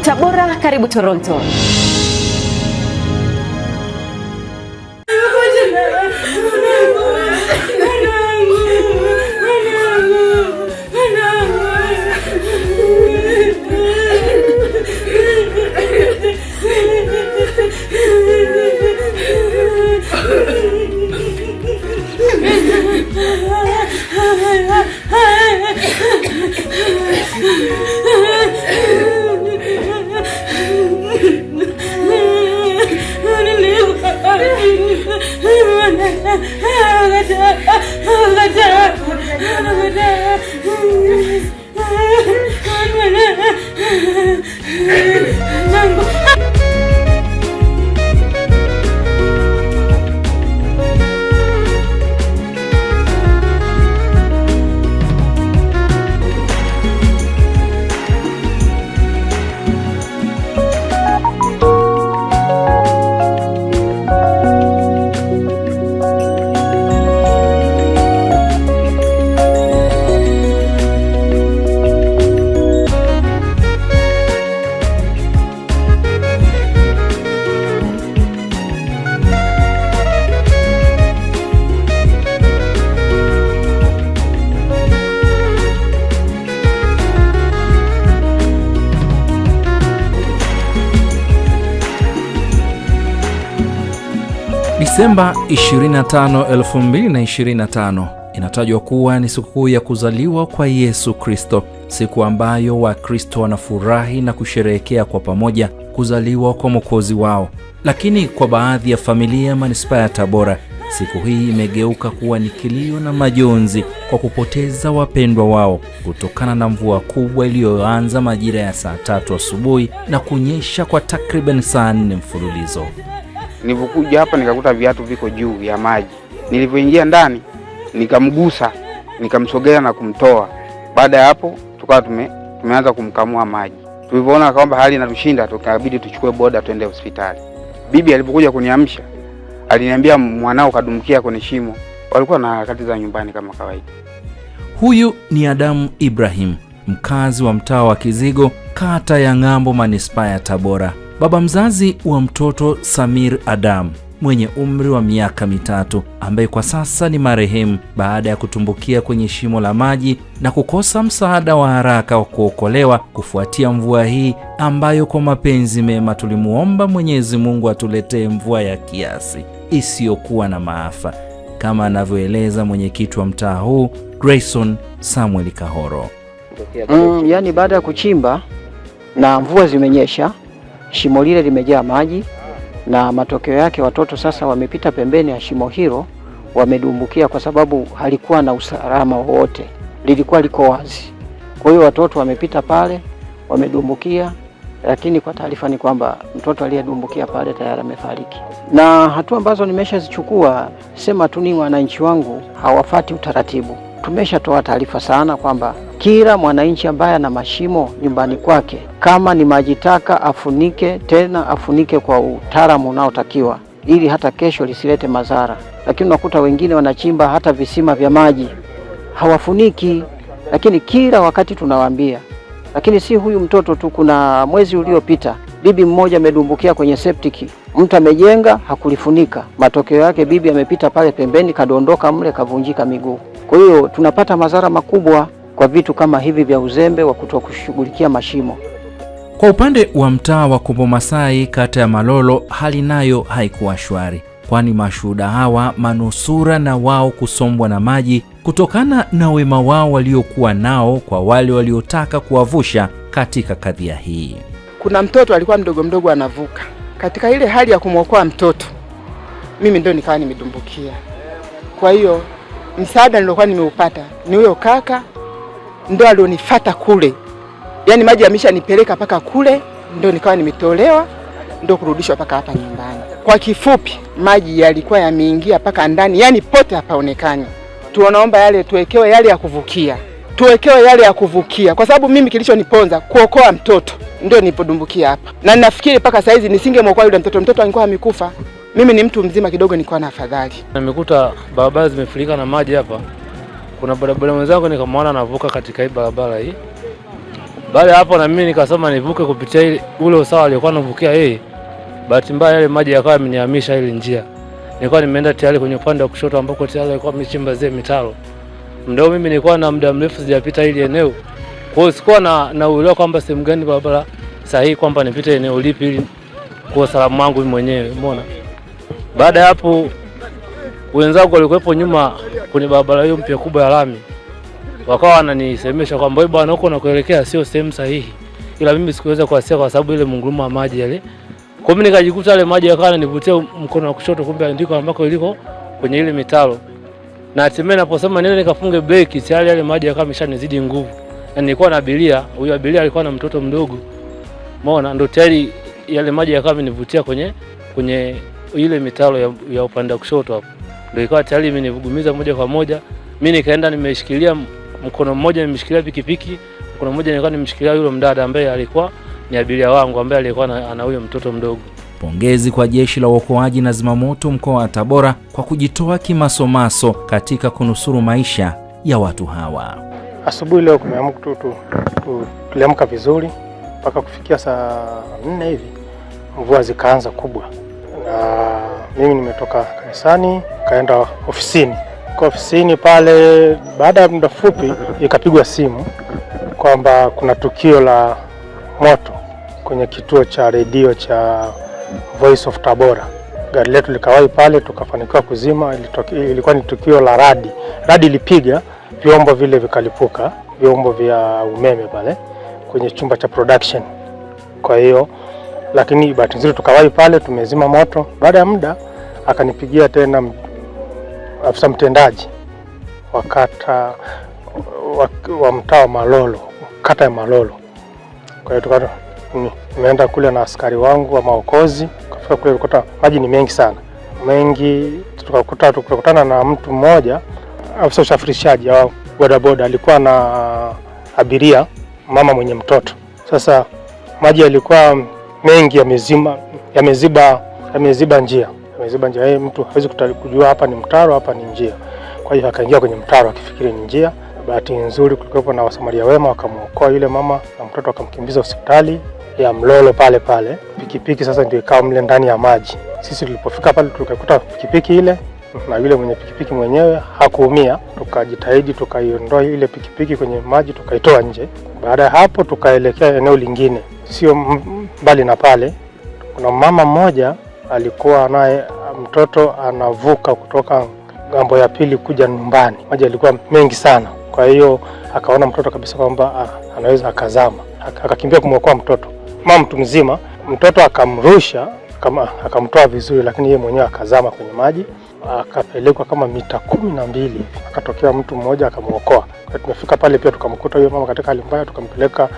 Tabora, karibu Toronto. Disemba 25, 2025 inatajwa kuwa ni sikukuu ya kuzaliwa kwa Yesu Kristo, siku ambayo Wakristo wanafurahi na kusherehekea kwa pamoja kuzaliwa kwa Mwokozi wao. Lakini kwa baadhi ya familia manispaa ya Tabora, siku hii imegeuka kuwa ni kilio na majonzi kwa kupoteza wapendwa wao kutokana na mvua kubwa iliyoanza majira ya saa tatu asubuhi na kunyesha kwa takriban saa nne mfululizo. Nilivyokuja hapa nikakuta viatu viko juu ya maji, nilivyoingia ndani nikamgusa, nikamsogea na kumtoa. Baada ya hapo tukawa tume, tumeanza kumkamua maji. Tulivyoona kwamba hali inatushinda, tukabidi tuchukue boda tuende hospitali. Bibi alipokuja kuniamsha aliniambia mwanao kadumkia kwenye shimo, walikuwa na harakati za nyumbani kama kawaida. Huyu ni Adamu Ibrahim, mkazi wa mtaa wa Kizigo, kata ya Ng'ambo, manispaa ya Tabora. Baba mzazi wa mtoto Samir Adam mwenye umri wa miaka mitatu ambaye kwa sasa ni marehemu baada ya kutumbukia kwenye shimo la maji na kukosa msaada wa haraka wa kuokolewa kufuatia mvua hii ambayo kwa mapenzi mema tulimuomba Mwenyezi Mungu atuletee mvua ya kiasi isiyokuwa na maafa, kama anavyoeleza mwenyekiti wa mtaa huu Grayson Samuel Kahoro. Mm, yani baada ya kuchimba na mvua zimenyesha Shimo lile limejaa maji na matokeo yake watoto sasa wamepita pembeni ya shimo hilo, wamedumbukia kwa sababu halikuwa na usalama wowote, lilikuwa liko wazi. Kwa hiyo watoto wamepita pale, wamedumbukia, lakini kwa taarifa ni kwamba mtoto aliyedumbukia pale tayari amefariki. Na hatua ambazo nimeshazichukua, sema tu ni wananchi wangu hawafati utaratibu. Tumeshatoa taarifa sana kwamba kila mwananchi ambaye ana mashimo nyumbani kwake, kama ni maji taka, afunike tena, afunike kwa utaalamu unaotakiwa ili hata kesho lisilete madhara. Lakini unakuta wengine wanachimba hata visima vya maji hawafuniki, lakini kila wakati tunawaambia. Lakini si huyu mtoto tu, kuna mwezi uliopita bibi mmoja amedumbukia kwenye septiki, mtu amejenga hakulifunika. Matokeo yake bibi amepita pale pembeni, kadondoka mle, kavunjika miguu. Kwa hiyo tunapata madhara makubwa kwa vitu kama hivi vya uzembe wa kuto kushughulikia mashimo. Kwa upande wa mtaa wa Kombomasai kata ya Malolo, hali nayo haikuwa shwari, kwani mashuhuda hawa manusura na wao kusombwa na maji kutokana na wema wao waliokuwa nao kwa wale waliotaka kuwavusha katika kadhia hii. Kuna mtoto alikuwa mdogo mdogo anavuka, katika ile hali ya kumwokoa mtoto mimi ndio nikawa nimedumbukia. Kwa hiyo msaada nilokuwa nimeupata ni huyo kaka ndo alionifata kule, yaani maji yameshanipeleka mpaka kule, ndo nikawa nimetolewa, ndo kurudishwa mpaka hapa nyumbani. Kwa kifupi, maji yalikuwa yameingia mpaka ndani, yaani pote hapaonekani. Tunaomba yale tuwekewe yale ya kuvukia, tuwekewe yale ya kuvukia, kwa sababu mimi kilichoniponza kuokoa mtoto ndio nilipodumbukia hapa, na ninafikiri mpaka saa hizi nisingemwokoa yule mtoto, mtoto angekuwa amekufa. Mimi ni mtu mzima kidogo, nilikuwa na afadhali. Nimekuta barabara zimefurika na maji hapa kuna bodaboda mwenzangu nikamwona anavuka katika hii barabara hii. Baada hapo na mimi nikasema nivuke kupitia ile ule usawa aliokuwa anavukia yeye. Bahati mbaya yale maji yakawa yamenihamisha ile njia. Nilikuwa nimeenda tayari kwenye upande wa kushoto ambako tayari alikuwa amechimba zile mitaro. Mdao mimi nilikuwa na muda mrefu sijapita ile eneo. Kwa hiyo sikuwa na na uelewa kwamba sehemu gani barabara sahihi kwamba nipite eneo lipi ili kwa salamu wangu mwenyewe, umeona? Baada hapo wenzangu walikuwepo nyuma kwenye barabara hiyo mpya kubwa ya lami, wakawa wananisemesha kwamba wewe bwana, huko nakuelekea sio sehemu sahihi, ila mimi sikuweza kuasia kwa sababu ile mngurumo wa maji yale. Kwa mimi nikajikuta yale maji yakawa yananivutia mkono wa kushoto, kumbe ndiko ambako iliko kwenye ile mitaro, na hatimaye naposema nene nikafunge breki, tayari yale maji yakawa yameshanizidi nguvu, na nilikuwa na abiria, huyo abiria alikuwa na mtoto mdogo, umeona, ndo tayari yale maji yakawa yamenivutia kwenye kwenye ile mitaro ya, ya upande wa kushoto hapo ndio ikawa tayari imenivugumiza moja kwa moja. mi nikaenda nimeshikilia mkono mmoja nimeshikilia pikipiki, mkono mmoja nilikuwa nimeshikilia yule mdada ambaye alikuwa ni abiria wangu ambaye alikuwa ana huyo mtoto mdogo. Pongezi kwa Jeshi la Uokoaji na Zimamoto mkoa wa Tabora kwa kujitoa kimasomaso katika kunusuru maisha ya watu hawa. Asubuhi leo kumeamka tu tu, tuliamka vizuri mpaka kufikia saa nne hivi mvua zikaanza kubwa na mimi nimetoka kanisani kaenda ofisini. Kwa ofisini pale, baada ya muda mfupi, ikapigwa simu kwamba kuna tukio la moto kwenye kituo cha redio cha Voice of Tabora. Gari letu likawahi pale, tukafanikiwa kuzima. Ilikuwa ni tukio la radi, radi ilipiga vyombo vile vikalipuka, vyombo vya umeme pale kwenye chumba cha production. Kwa hiyo lakini bahati nzuri tukawahi pale, tumezima moto. Baada ya muda akanipigia tena afisa mtendaji wa kata wa, wa mtaa wa Malolo, kata ya Malolo. Kwa hiyo mm, nimeenda kule na askari wangu wa maokozi, kafika kule kukuta maji ni mengi sana mengi, tukakuta tukakutana na mtu mmoja afisa usafirishaji wa bodaboda, alikuwa na abiria mama mwenye mtoto. Sasa maji yalikuwa mengi yamezima yameziba yameziba njia yameziba njia. hey, mtu hawezi kujua hapa ni mtaro, hapa ni njia. Kwa hiyo akaingia kwenye mtaro akifikiri ni njia. Bahati nzuri kulikuwepo na wasamaria wema, wakamwokoa yule mama na mtoto, akamkimbiza hospitali ya Mlolo pale pale. Pikipiki sasa ndio ikawa mle ndani ya maji. Sisi tulipofika pale tukakuta pikipiki ile na yule mwenye pikipiki mwenyewe hakuumia. Tukajitahidi tukaiondoa ile pikipiki kwenye maji, tukaitoa nje. Baada ya hapo, tukaelekea eneo lingine, sio Mbali na pale, kuna mama mmoja alikuwa naye mtoto anavuka kutoka ngambo ya pili kuja nyumbani, maji alikuwa mengi sana. Kwa hiyo akaona mtoto kabisa kwamba ah, anaweza akazama, akakimbia kumwokoa mtoto, mama mtu mzima. Mtoto akamrusha kama, akamtoa vizuri, lakini yeye mwenyewe akazama kwenye maji, akapelekwa kama mita kumi na mbili, akatokea mtu mmoja akamwokoa. Tumefika pale pia tukamkuta huyo mama katika hali mbaya, tukampeleka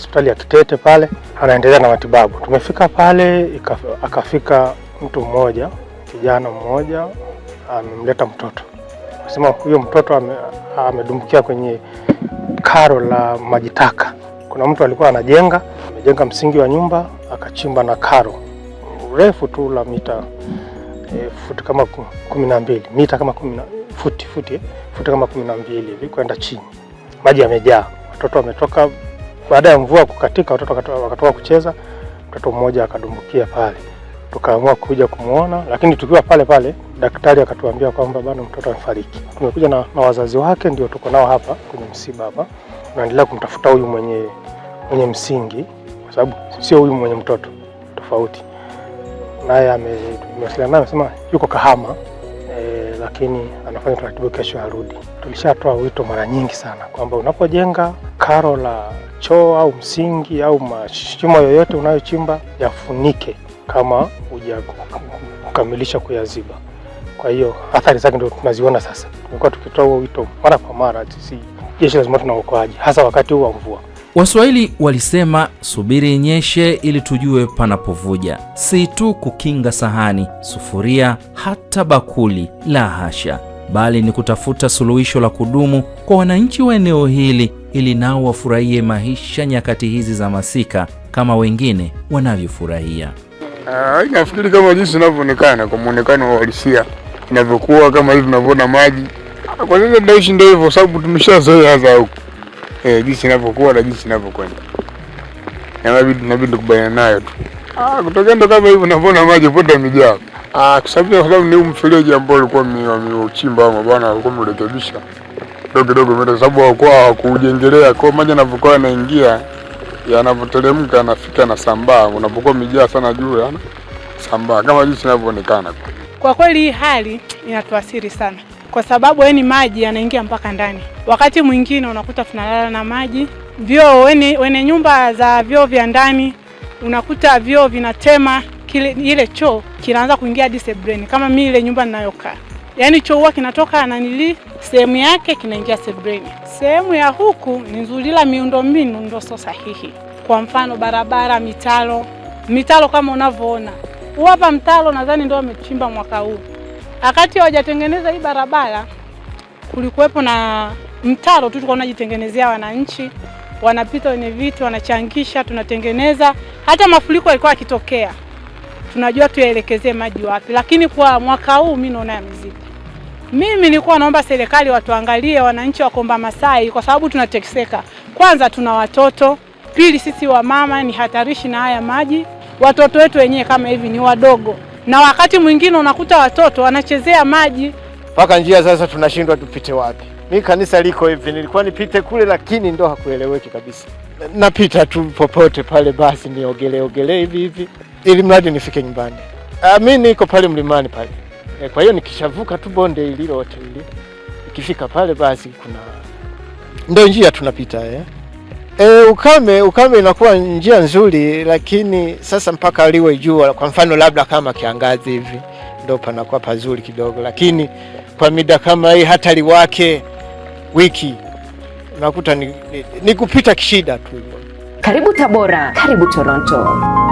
hospitali ya Kitete pale, anaendelea na matibabu. Tumefika pale akafika mtu mmoja, kijana mmoja amemleta mtoto, anasema huyo mtoto amedumbukia kwenye karo la maji taka. Kuna mtu alikuwa anajenga, amejenga msingi wa nyumba akachimba na karo urefu tu la mita e, futi kama kumi na mbili mita kama kumina, futi, futi, futi kama kumi na mbili hivi kwenda chini, maji yamejaa, watoto wametoka baada ya mvua kukatika, watoto wakatoka kucheza, mtoto mmoja akadumbukia pale, tukaamua kuja kumwona, lakini tukiwa pale pale daktari akatuambia kwamba bado mtoto amefariki. Tumekuja na, na wazazi wake, ndio tuko nao hapa kwenye msiba hapa, tunaendelea kumtafuta huyu mwenye mwenye msingi, kwa sababu sio huyu mwenye mtoto tofauti naye. Amewasiliana naye amesema yuko Kahama e, lakini anafanya taratibu, kesho arudi. Tulishatoa wito mara nyingi sana kwamba unapojenga karo la choo au msingi au mashimo yoyote unayochimba yafunike kama kukamilisha kuyaziba. Kwa hiyo athari zake ndio tunaziona sasa. Tumekuwa tukitoa huo wito mara kwa mara, sisi jeshi lazima tunaokoaji, hasa wakati huu wa mvua. Waswahili walisema subiri inyeshe ili tujue panapovuja, si tu kukinga sahani, sufuria, hata bakuli, la hasha, bali ni kutafuta suluhisho la kudumu kwa wananchi wa eneo hili ili nao wafurahie maisha nyakati hizi za masika kama wengine wanavyofurahia. Uh, ah, nafikiri kama jinsi inavyoonekana kwa muonekano wa uhalisia inavyokuwa kama hivi tunavyoona maji ah, kwa sasa tunaishi ndio hivyo, sababu tumeshazoea sasa huku eh, jinsi inavyokuwa na jinsi inavyokwenda, inabidi inabidi kubaina nayo tu. Ah, kutokea ndo kama hivi unavyoona maji pote yamejaa. Ah, kwa sababu ni mfereji ambao ulikuwa mmeuchimba ama bwana, ulikuwa mrekebisha kidogo kidogo, kwa sababu hawakuwa hawakujengelea. Kwa maji yanapokuwa yanaingia, yanavyoteremka, anafika na sambaa, unapokuwa umejaa sana juu, yana sambaa kama jinsi inavyoonekana. Kwa kweli hii hali inatuathiri sana kwa sababu yani maji yanaingia mpaka ndani. Wakati mwingine unakuta tunalala na maji vyoo, wene, wene nyumba za vyoo vya ndani unakuta vyoo vinatema kile, ile choo kinaanza kuingia hadi kama mimi ile nyumba ninayokaa yani choo huwa kinatoka nanili sehemu yake kinaingia sebreni. Sehemu ya huku ni Nzulila, miundombinu ndio sio sahihi. Kwa mfano barabara, mitalo, mitalo kama unavyoona huu hapa mtalo, nadhani ndio wamechimba mwaka huu. Wakati hawajatengeneza hii barabara, kulikuwepo na mtalo tu, tulikuwa tunajitengenezea wananchi, wanapita wenye viti wanachangisha, tunatengeneza. Hata mafuriko yalikuwa yakitokea tunajua tuyaelekezee maji wapi, lakini kwa mwaka huu mimi naona ya mzigo. Mimi nilikuwa naomba serikali watuangalie wananchi wa Komba Masai kwa sababu tunateseka. Kwanza tuna watoto, pili sisi wamama ni hatarishi na haya maji. Watoto wetu wenyewe kama hivi ni wadogo, na wakati mwingine unakuta watoto wanachezea maji mpaka njia. Sasa tunashindwa tupite wapi? Mi kanisa liko hivi, nilikuwa nipite kule, lakini ndo hakueleweki kabisa. Napita tu popote pale, basi niogelee hivi hivi ili mradi nifike nyumbani. Ah, mi niko pale mlimani pale, eh, kwa hiyo nikishavuka tu bonde lote ili ikifika pale basi kuna ndio njia tunapita eh. E, ukame ukame inakuwa njia nzuri, lakini sasa mpaka liwe jua. Kwa mfano labda kama kiangazi hivi ndio panakuwa pazuri kidogo, lakini kwa mida kama hii hata liwake wiki nakuta ni, ni, ni kupita kishida tu. Karibu Tabora, karibu Toronto.